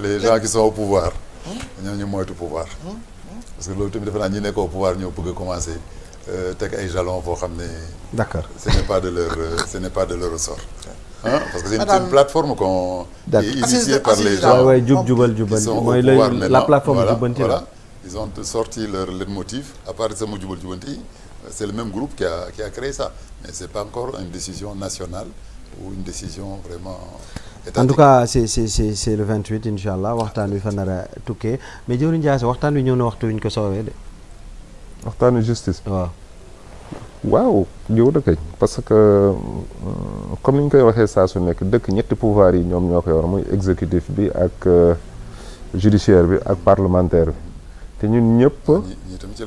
les gens qui sont au pouvoir. ñooñu moytu pouvoir. parce que loolu tamit defe naa ñi nekk au pouvoir ñoo bëgg a commencer euh, teg ay jalons foo xam ne. d'accord ce n'est pa de leur euh, ce n'est pas de leur ressort. ah parce que c'est une plateforme qu'on qui est initiée par les gens waay jub jubal la plateforme jubbanti l ils ont sorti leur leur motif à part sama jubal jubbanti c'est le même groupe qui a qui a créé ça mais c'est pas encore une décision nationale ou une décision vraiment en tout cas c'est c'est c'est c'est le 28 allah waxtaan wi fa nar a tukkee mais jëwriñ Ndiaye waxtaan wi ñëw na waxtu wi ñu ko soowee de. waxtaanu justice. waaw. waaw ñëw parce que euh, comme ni ñu koy waxee saa su nekk dëkk ñetti pouvoir yi ñoom ñoo ko yor muy exécutif bi ak euh, judiciaire bi ak parlementaire bi te ñun ñëpp. ñii tamit ci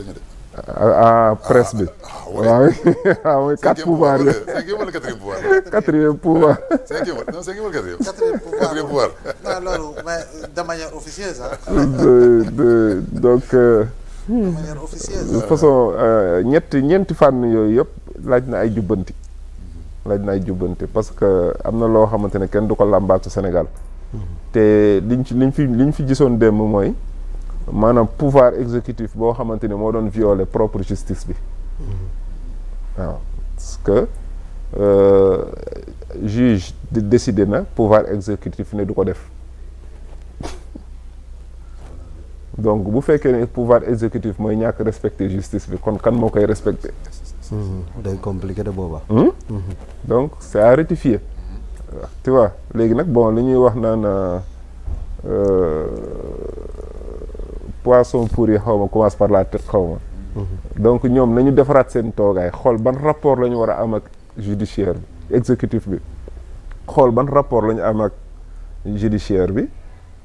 ah presse bi. Ah, ah, waaw waaw quatre pouvoir pouvoir. quatrième pouvoir. pouvoir donc. Euh, façon euh, ñetti ñeenti fànn yooyu yëpp laaj na ay jubbanti. laaj na ay jubbanti parce que am na loo xamante ne kenn du ko làmbaat Sénégal. Mhm. te liñ ci liñ fi liñ fi gisoon démb mooy. maanaam pouvoir exécutif boo xamante ni moo doon violer propre justice bi waaw parce que euh, juge di décider na pouvoir exécutif ne du ko def donc bu fekkee ne pouvoir exécutif mooy ñàkk respecter justice bi kon kan moo koy respecter hmm, day compliqué de booba hmm? donc c'est à rectifier tu léegi nag bon li ñuy wax naan euh, poisson pourri xaw ma commence par la tête xaw ma mhm. donc ñoom nañu defaraat seen toogaay xool ban rapport la ñu war a am ak judiciaire bi exécutif bi xool ban rapport la ñu am ak judiciaire bi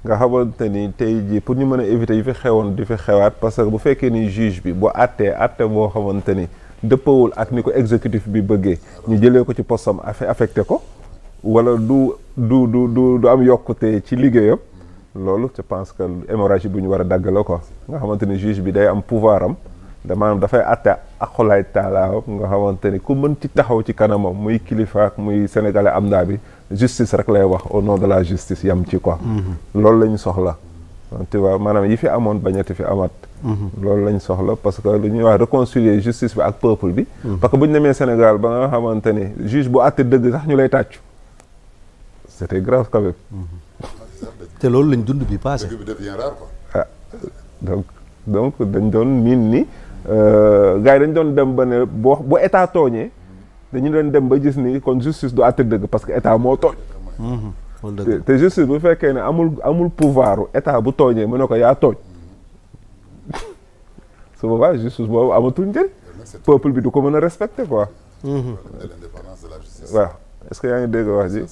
nga xamante ni tey jii pour ñu mën a éviter yu fi xewoon di fi xewaat parce que bu fekkee ni juge bi bu àttee àtte boo xamante ni dëppawul ak ni ko exécutif bi bëggee ñu jëlee ko ci postam affecté ko wala du du du du am yokkute ci liggéeyam loolu je pense que hémorragie bu ñu war a dagg la quoi nga xamante ni juge bi day am pouvoir am da maanaam dafay àtte akulaay taalaaw nga xamante ni ku mën ci taxaw ci kanamam muy kilifa ak muy sénégalais am ndaa bi justice rek lay wax au nom de la justice yam ci quoi. Mhm. loolu la ñu soxla. tu vois maanaam yi fi amoon bañati fi amat. Mhm. loolu lañ soxla parce que lu ñuy wax réconcilier justice bi ak peuple bi. Mhm. parce que bu ñu demee Sénégal ba nga xamante ni juge bu àtte dëgg sax ñu lay tàccu. c'était grave quand même. te loolu lañ dund bi passé. dëgg bi devient rare ah, donc donc dañ doon miin ni euh, gars yi dañ doon dem ba ne boo bu état tooñee dañu doon dem ba gis ni kon justice du àtte dëgg parce que état moo tooñ. Mm-hmm. te justice bu fekkee ne amul amul pouvoir état bu tooñee mu ne ko yaa tooñ su boobaa justice boobu amatul njëriñ. peuple bi du ko mën a respecter quoi. Mm-hmm. l'indépendance de la ce que yaa ngi dégg wax ji.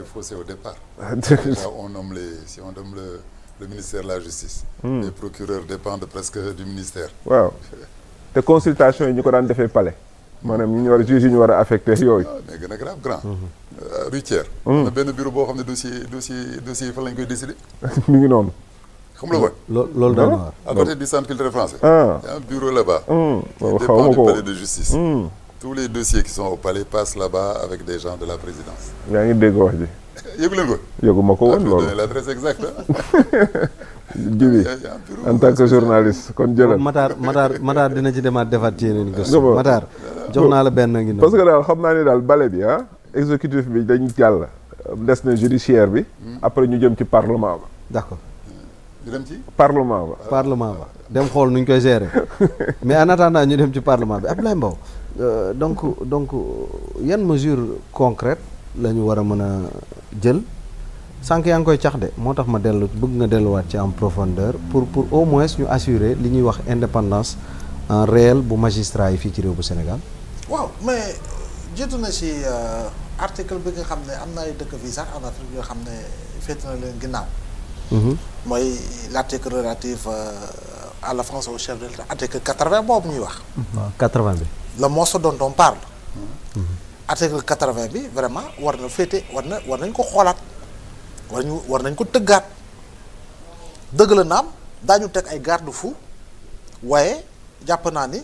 c'est faussé au départ. Déjà, on nomme les, si on nomme le, ministère de la Justice. Mm. les procureurs dépendent presque du ministère. waaw te consultation yi ñu ko daan defee palais. maanaam ñu ñu war a ñu war a affecté ah, yooyu. waaw gën a grave grand. Hmm. Euh, routière. Hmm. na benn bureau boo xam ne dossier dossier dossier fan la koy décider. mi ngi noonu. xam loolu daal à côté du centre culturel français. ah y a un bureau là hmm. ko tous les dossiers qui sont au palais passent là-bas de la présidence. yaa ngi dégg wax ji. yëgu ko. yëgu ma ko woon ah, loolu ah l'adresse exacte. Djibi en tant que journaliste kon jëlal. Oh, Matar Matar dina ci demaat defaat ci yeneen gëstu. Matar jox naa la benn ngi parce que daal xam naa ne daal bale bi ah. exécutif bi dañ jàll. des na judiciaire bi. Hmm. après ñu jëm ci parlement ba. d'accord. ñu hmm. dem ci. parlement ba. parlement ba dem xool nuñ koy gere mais en attendant ñu dem ci parlement bi Abdoulaye Mbow. Euh, donc donc yan mesure concrète la ñu war a mën a jël sànq yaa ngi koy cax de moo tax ma dellu bëgg nga delluwaat ci am profondeur pour pour au moins ñu assurer li ñuy wax indépendance en réel bu magistrat yi fii ci réew bu Sénégal. waaw mais jiitu na ci euh, article bi nga xam ne am na ay dëkk fii sax en Afrique yoo xam ne féet na leen ginnaaw. Mhm. mooy l' article relatif euh, à la France au chef de l'État article quatre-vingt boobu ñuy wax. waaw quatre-vingt bi. le morceau dont on parle. Mm-hmm. article quatre-vingt bi vraiment war na féete war na war nañ ko xoolaat war war nañ ko tëggaat dëgg la naam daañu teg ay garde-fou waaye jàpp naa ni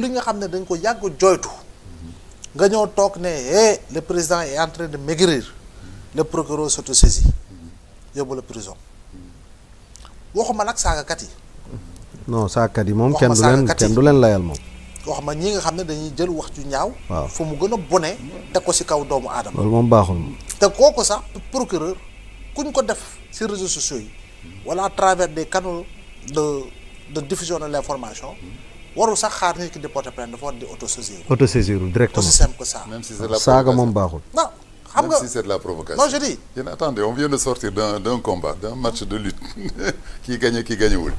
li nga xam ne dañ ko yàgg jooytu mm-hmm. nga ñëw toog ne eh le président est entre de maigrir le procureur s'autosaisit mm-hmm. yóbbu la prison waxuma nag saagakat yi. non saagakat yi moom kenn du leen kenn du leen layal moom. wax ma ñi nga xam ne dañuy jël wax ju ñaaw. waaw fu mu gën a bone te ko si kaw doomu aadama. loolu moom baaxul. te kooku sax procureur kuñ ko def si réseaux sociaux yi wala à travers des canaux de de diffusion de l' information. warul sax xaar nit ki di porter plainte dafa war di autosaisir. autosaisir directement aussi simple que ça. même si c'est saaga moom baaxul. non xam nga même si c'est de la provocation. non je dis. yéen attendez on vient de sortir d'un combat d'un match de lutte kii gagné ki gagné wul.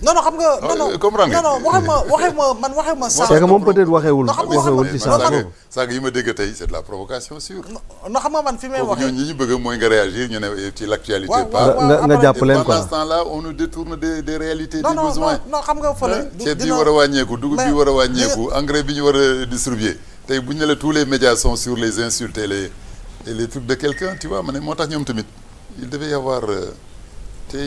non xam nga. non non euh, ma man waxee ma. moom peut-être waxeewul waxeewul ci sànq. sànq yi ma dégg tey c'est de la provocation sûre. non xam nga man fi may waxee ñi ñu bëgg mooy nga réagir ñu ne euh, ci l'acactualité. waaw nga nga jàpp leen quoi pendant ce temps-là on nous détourne des des réalités. des besoins non xam nga fële. ceeb bi war a wàññeeku dugub bi war a wàññeeku engrais bi ñu war a distribuer tey bu ñu ne la tous les médias sur les insultes et les et les trucs de quelqu'un ti vois ma ne moo tax ñoom tamit il devait avoir euh,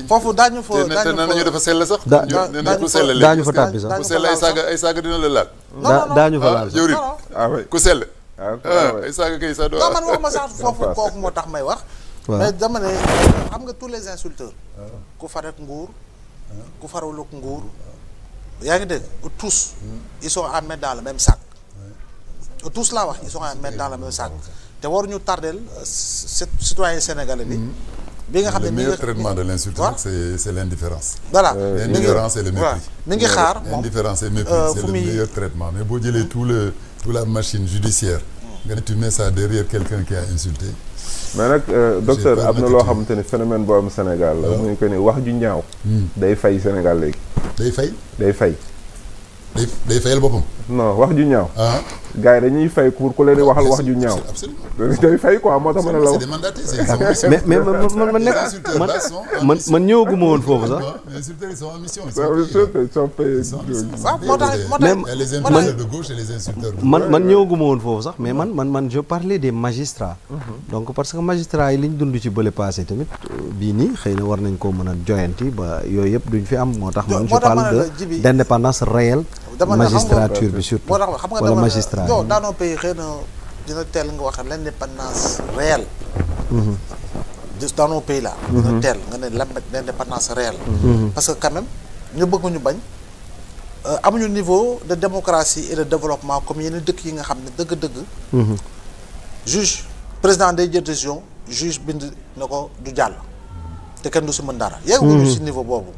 foofu daañu fa daañu fa nañu dafa sell sax. daa daañu fa daañu fa tàbbi sax ku sell ay saaga ay saaga dina la laal. daa daañu fa ah, laal jëwriñ ah, ku sell. Ah, ay saaga kay sax doo. man waxuma sax foofu kooku moo tax may wax. mais dama ne xam nga tous les insulteurs. ku far ak nguur. ku farawul ak nguur. yaa ngi dégg tous. Hmm. ils sont à mettre dans le même sac. Hmm. tous laa wax ils sont à mettre dans le même sac hmm. te waruñu tardel euh, citoyen sénégalais bi. bi nga xam le meilleur traitement de l'insulte nag c'est c'est l'indifférence euh, l'indifférence et le mépris ngi xaar l'indifférence et mépris euh, c'est le meilleur traitement mais boo jëlee tout le tout la machine judiciaire nga ne tu mets ça derrière quelqu'un qui a insulté mais nag euh, docteur am na loo xamante ni phénomène boo am Sénégal la muy ko ni wax ju ñaaw hmm. day fay Sénégal léegi day fay day fay day fayal boppam non wax ju ñaaw ah. gars yi dañuy fay pour ku leen waxal wax ju ñaaw. day fay quoi moo tax ma ne la wax. mais mais man man nekk man man ñëwagu ma woon foofu sax. man man ñëwagu ma woon foofu sax mais man man man je parlais des magistrats. Mhm. donc parce que magistrats yi li ñu dund ci bële passé tamit bii nii xëy na war nañ koo mën a joyanti ba yooyu yëpp duñ fi am moo tax man je parle de d'indépendance réelle. dama magistrature bi surtout moo tax xam nga dama magistrat non dans nos pays xëy na dina teel nga wax l'indépendance réelle. dans nos pays là. dina teel nga ne l'indépendance réelle. Mhm. parce que quand ñu bëgg ñu bañ. Euh, am ñu niveau de démocratie et de développement comme yeneen dëkk yi nga xam ne dëgg-dëgg. Mhm. juge président day jël décision juge bind na ko du jàll. te kenn du si mën dara. yegguñu mhm. si niveau boobu.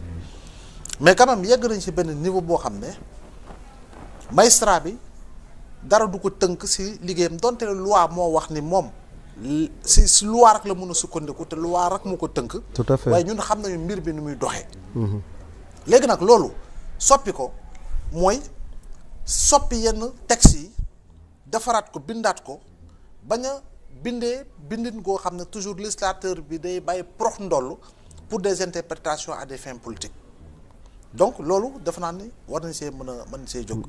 mais quand yegg nañ si benn niveau boo xam ne. magistrat bi dara du ko tënk si liggéeyam donte loi moo wax ni moom si si loi rek la mën a sukkandiku te loi ak mu ko tënk. tout à fait waaye ñun xam nañu mbir bi ni muy doxee. Mhm. léegi nag loolu soppi ko mooy soppi yenn textes yi defaraat ko bindaat ko bañ a bindee bindin goo xam ne toujours législateur bi day bàyyi prox ndoll pour des interprétations at des fins donc loolu def naa ni war nañ see mën a mën see jóg.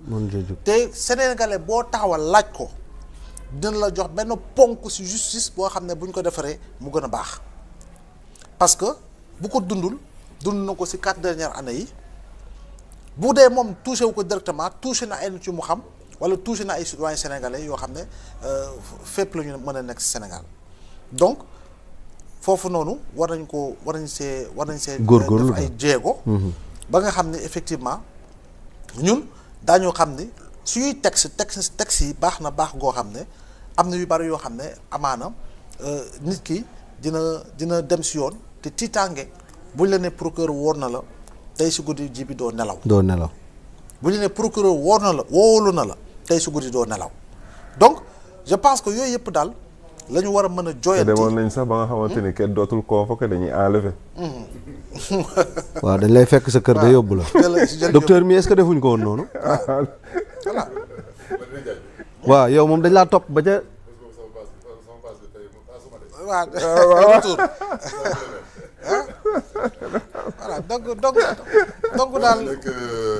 te sénégalais boo taxawal laaj ko dina la jox benn ponk ci justice boo xam ne bu ñu ko defaree mu gën a baax parce que bu ko dundul dund na ko ci quatre dernières années yi bu dee moom touché wu ko directement touché na ay nit yu mu xam walla touché na ay citoyens sénégalais yoo xam ne euh, fépp la ñu mën a nekk ci Sénégal donc foofu noonu war nañ ko war nañ see war nañ see. góorgóorlu def ay jéego. Mm-hmm. ba nga xam ne effectivement ñun daañu xam ni suñuy texte texte texte yi baax na baax goo xam ne am na yu bari yoo xam ne amaana euh, nit ki dina dina dem si yoon te tiitaange buñ la ne procureur wóor na la tey si guddi jibi doo nelaw. doo nelaw buñ la ne procureur wóor na la wóolu na la tey si guddi doo nelaw donc je pense que yooyu yëpp daal. lañu war a mën a joyanti demoon nañ sax ba nga xamante ni kenn dootul convoqué dañuy enlever. Hmm. waaw dañ lay fekk sa kër da yóbbu la. docteur mi est ko woon noonu. waaw yow moom dañ laa topp ba ca. waaw ah, ah. voilà donc daal. Euh,